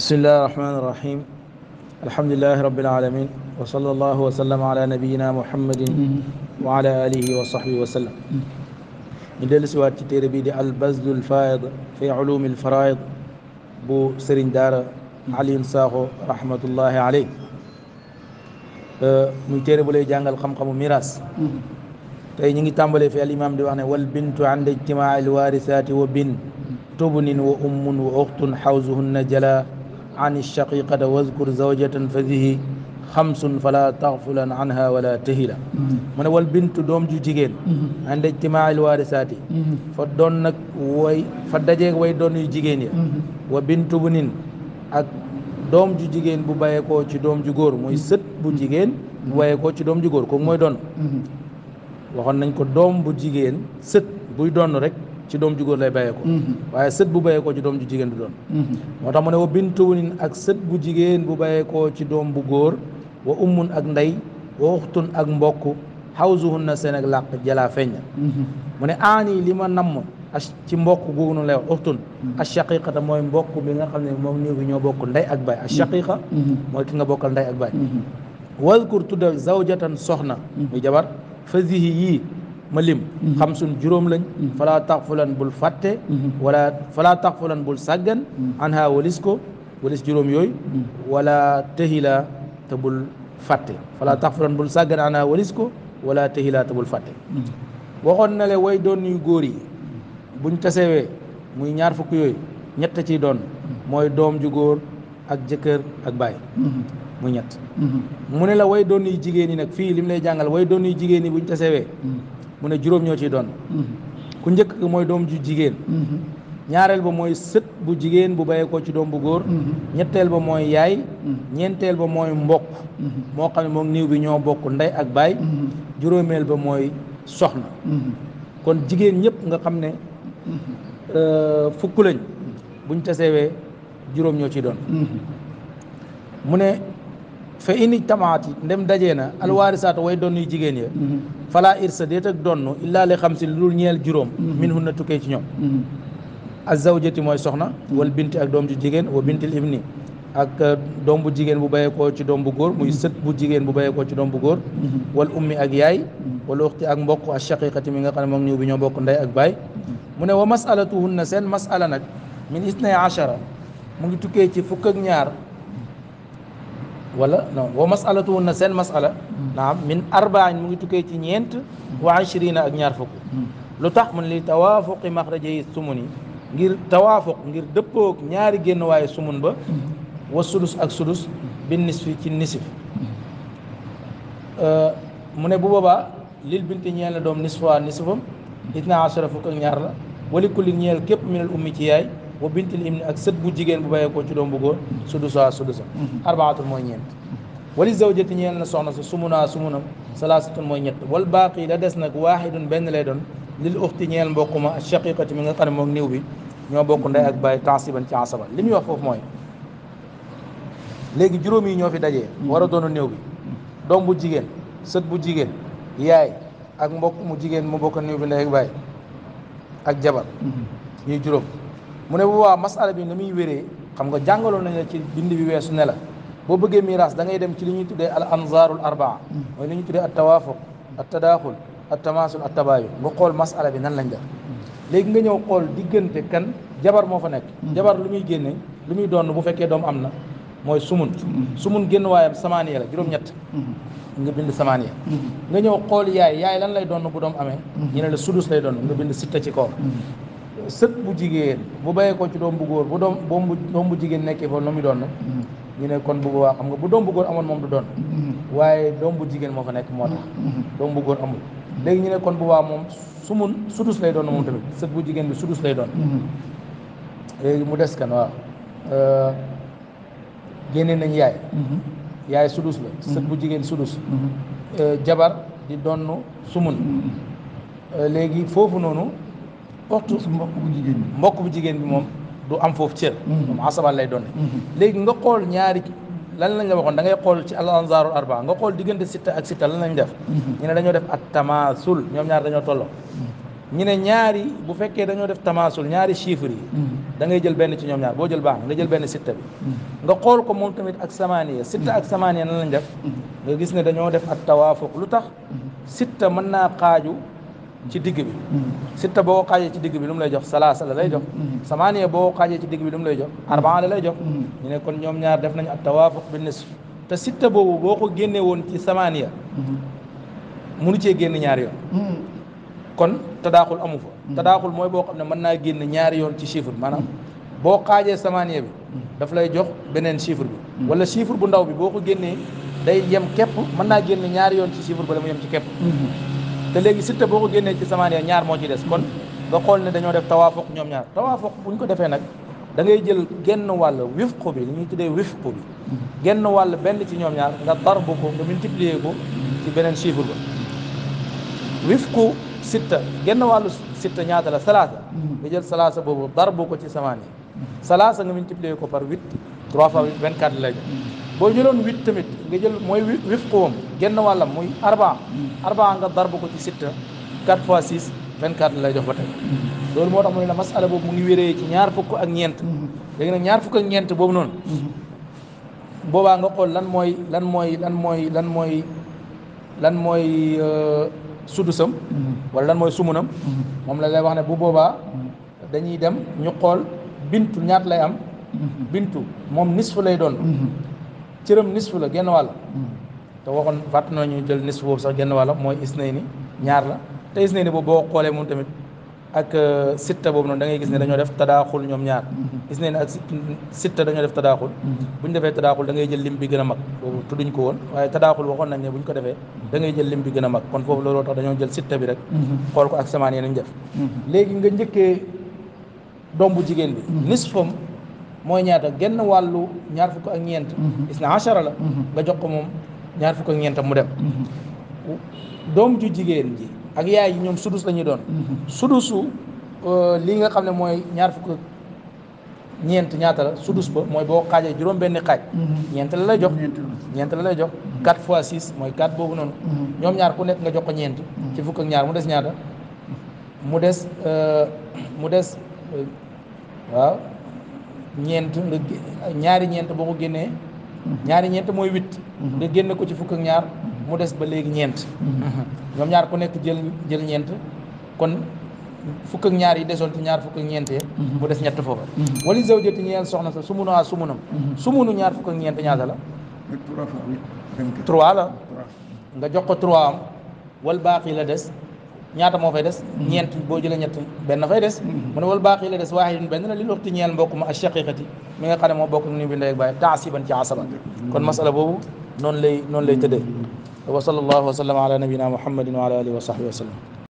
بسم الله الرحمن الرحيم الحمد لله رب العالمين وصلى الله وسلم على نبينا محمد وعلى اله وصحبه وسلم ندرس واتي البذل الفائض في علوم الفرائض بو سرين دار علي نساخو رحمه الله عليه من تيري بولي جانغال خم خم ميراث تاي نيغي تامبالي في الامام دي واخني والبنت عند اجتماع الوارثات وبن تبن وام واخت حوزهن جلا عن الشقيقة قد واذكر زوجة فذه خمس فلا تغفل عنها ولا تهلا من أول بنت دوم جو جيجين عند اجتماع الوارثات فدون نك واي فداجيك واي دون جو جيجين وبنت بنين اك دوم جو جيجين بو بايكو تي دوم جو غور موي سيت بو جيجين بو بايكو تي دوم جو غور كو موي دون waxon nañ دوم بو جيجين jigéen بو buy رك ci doom ju góor lay bàyyee ko mm-hmm. waaye sët bu bàyyee koo ci doom ju jigéen du doon mm-hmm. moo tax mu ne wa bintuwunin ak sët bu jigéen bu bàyyee koo ci doom bu góor wa ummun ak ndey wa uxtun ak mbokk xawsuhun na seen ak làq jalaa feñña mm-hmm. mu ne aani li ma namm ci mbokk googu noonu lay wax uxtun ashaqiqata mooy mbokk bi nga xam ne moom néew bi ñoo bokk ndey ak baay ashaqiqa mooy ki nga bokkal ndey ak baay wazkur tuddal zawjatan soxna muy jabar fazihi yii ma lim mhm. xam sun juróom lañ mhm. falaa taxfulan bul fàtte mhm. wala falaa taxfulan bul sàggan anha walis ko walis juróom yooyu wala tahila te bul fàtte falaa taxfulan bul sàggan anha walis ko wala tahila te bul fàtte waxoon na le way doon yu góor yi buñ tasewee muy ñaar fukk yooyu ñett ciy doon mooy doom ju góor ak jëkkër ak baay muy ñett mu ne la way doon yu jigéen yi nag fii lim lay jàngal way doon yu jigéen yi buñ tasewee mu ne juróom ñoo ciy doon ku njëkk mooy doom ju jigéen ñaareel ba mooy sët bu jigéen bu bàyyeekoo ci doom bu góor ñetteel ba mooy yaay ñeenteel ba mooy mbokk moo xam ne moom niiw bi ñoo bokk ndey ak baay juróomeel ba mooy soxna kon jigéen ñëpp nga xam ne euh, fukk lañ buñ tasewee juróom ñoo ciy doon mu ne فإن اجتمعت نم دجينا الوارثات وي دون ني جيجين فلا ارث ديت اك دون الا لخمس لول نيل جوروم من هنا توكي سي نيوم الزوجه موي سخنا والبنت اك دوم جيجين وبنت الابن اك دوم بو جيجين بو بايكو سي دوم بو غور موي سيت بو جيجين بو بايكو سي دوم بو غور والام اك ياي والاخت اك مبوك الشقيقه ميغا خا نمو نيو بي نيو بوك نداي اك باي من ومسالتهن سن مساله من 12 موغي توكي سي فك نيار ولا نعم هو ونسأل مسألة نعم من أربعة مجتكيت ينت وعشرين أجنار فوق لو تحمل لتوافق مخرج السمني غير توافق غير دبوك نياري جنواي السمن ب والسلس أكسلس بالنسبة للنسف من أبو بابا ليل بنت نيال دوم نصفها نصفهم إثنا عشر فوق نيار ولكل نيال كب من الأمتيائي wa bintil ibni ak sët bu jigéen bu bàyyee ko ci doom bu góor sudusa sudusa arbaatul mooy ñeent wali zawjati ñeel na soxna sa sumuna sumunam salaasatun mooy ñett wal baaqi la des nag waaxidun benn lay doon lil uxti ñeel mbokk ma shaqiqati mi nga xam ne moom néew bi ñoo bokk ndey ak bàyyi taasiban ci asaba li muy wax foofu mooy léegi juróom yi fi dajee war a néew bi doom bu sët bu jigéen yaay ak mbokk mu jigéen mu bokk néew bi ndey ak bàyyi ak jabar ñuy juróom mu ne bu waa masala bi ni muy wéree xam nga jàngaloon nañ la ci bind bi weesu ne la boo bëggee miraas da ngay dem ci li ñuy tuddee al anzaarul arbaa mooy li ñuy tuddee at tawaafuq at tadaaxul at tamaasul at tabaayun nga xool masala bi nan lañ def léegi nga ñëw xool diggante kan jabar moo fa nekk jabar lu muy génne lu muy doon bu fekkee doom am na mooy sumun sumun génn waayam samaaniya la juróom-ñett nga bind samaaniya nga ñëw xool yaay yaay lan lay doon bu doom amee ñu ne la lay doon nga bind sitta ci koor sët bu jigéen bu bàyyee ko ci doom bu góor bu doom doom bu bu jigéen nekkee fa nu muy doon mm-hmm. ñu ne kon bu boobaa xam nga bu doom bu góor moom du doon mm-hmm. waaye doom bu jigéen moo fa nekk moo tax mm-hmm. doom bu góor amul léegi ñu ne kon bu boobaa moom su mun sudus lay doon moom tamit sët bu jigéen bi sudus lay doon léegi mu des kan waaw euh, génne nañ yaay yaay sudus la sët bu jigéen sudus euh, jabar di donn sumun euh, léegi foofu noonu waxtu su mbokk bu jigéen bi mbokk bu jigéen bi moom du am foofu cër mm-hmm. moom asabaat lay doon mm-hmm. léegi nga xool ñaari lan lañ la waxoon da ngay xool ci al anzaaru arba nga xool diggante sitta ak sitta lan lañ def mm-hmm. ñu dañoo def at tamaasul ñoom ñaar dañoo tolloo ñu ne ñaari bu fekkee dañoo def tamaasul ñaari chiffres yi da jël benn ci ñoom ñaar boo jël baax nga jël benn sitta nga xool ko moom tamit ak samaaniya sitta ak samaaniya lan lañ def nga gis ne dañoo def at tawaafuq lu tax sitta mën naa xaaju ci digg bi sitta boo xaajee ci digg bi lu lay jox salaasa la lay jox samaaniya boo xaajee ci digg bi lu lay jox arbaa la lay jox ñu ne kon ñoom ñaar def nañ at tawaafuq bi nisf te sitta boobu boo ko génnee woon ci samaaniya munu cee génn ñaari yoon kon tadaaxul amu fa tadaaxul mooy boo xam ne mën naa génne ñaari yoon ci chiffre maanaam boo xaajee samaaniya bi daf lay jox beneen chiffre bi wala chiffre bu ndaw bi boo ko génnee day yem képp mën naa génn ñaari yoon ci chiffre ba la mu yem ci képp te léegi Siteu boo ko génnee ci samaaniya ñaar moo ci des kon nga xool ne dañoo def tawaafuq ñoom ñaar tawaafuq buñ ko defee nag da ngay jël genn wàll wifqu bi li ñuy tuddee wifqu bi genn wàll benn ci ñoom ñaar nga darbu ko nga multiplier ko ci beneen chiffre ba wifqu Siteu genn wàllu Siteu ñaata la salaasa nga jël salaasa boobu darbu ko ci samaaniya salaasa nga multiplier ko par huit trois fois huit vingt quatre lay jox boo jëloon huit tamit nga jël mooy wifquwam genn wàllam muy arbaa arbaa nga darbu ko ci sitta quatre fois six vingt quatre lay jox ba tey loolu moo tax mu ne la masala boobu mu ngi wéree ci ñaar fukk ak ñeent léegi nag ñaar fukk ak ñeent boobu noonu boobaa nga xool lan mooy lan mooy lan mooy lan mooy lan mooy euh, sudusam wala lan mooy sumunam moom la lay wax ne bu boobaa dañuy dem ñu xool bintu ñaat lay am bintu moom nisfu lay doon cëram nisfu la genn wàll hmm. te waxoon fàtt nañu jël nisfu boobu sax genn wàll mooy na isnayni ñaar la te isnayni boobu boo xoolee moom tamit ak euh, sitta boobu noonu da ngay gis ne dañoo def tadaaxul ñoom ñaar hmm. isnayni ak sitta dañoo def tadaaxul hmm. bu ñu defee tadaaxul da ngay jël lim bi gën a mag boobu tudduñ ko woon waaye tadaaxul waxoon nañ ne bu ñu ko defee da ngay jël lim gën a mag kon foofu looloo tax dañoo jël sitta bi rek xool ko ak samaan yi nañ def léegi nga njëkkee doom jigéen bi nisfam mooy ñaata genn wàllu ñaar fukk ak ñeent mhm. isna achara la nga mhm. jox ko moom ñaar fukk ak ñeent mu dem mhm. doom ju jigéen ji ak yaay yi ñoom sudus la ñuy doon sudusu euh, li nga xam ne mooy ñaar fukk ñeent ñaata la sudus ba mooy boo xaajee juróom benn xaaj ñeent la lay jox ñeent la lay jox quatre fois six mooy quatre boobu noonu ñoom ñaar ku nekk nga jox ko ñeent ci fukk ak ñaar mu des ñaata mu des euh, mu des euh, waaw ñeent nga ñaari ñeent boo ko génnee ñaari ñeent mooy huit mhm. nga génn ko ci fukk ak ñaar mu des ba léegi ñeent mhm. ñoom ñaar ku nekk jël jël ñeent kon fukk ak ñaar yi desoon ci ñaar fukk ñeent ñeentee mhm. mu des ñett foofa wali zawjati ñeel soxna sa sumunu a sumunam sumunu ñaar fukk ak ñeent ñaata la trois la nga jox ko trois am wal baaqi la des ñaata moo fay des mm-hmm. ñeent boo jëlee ñett benn fay des mm-hmm. mu ne wal la des waahidun benn la lil uxti ñeel mbokk ma ashaqiqati mi nga xam moo bokk nu bi ndey ak bàyyi taasiban ci asaba kon mm-hmm. masala boobu noonu lay noonu lay tëddee wa sallallahu wa sallam ala nabina muhammadin wa ala alihi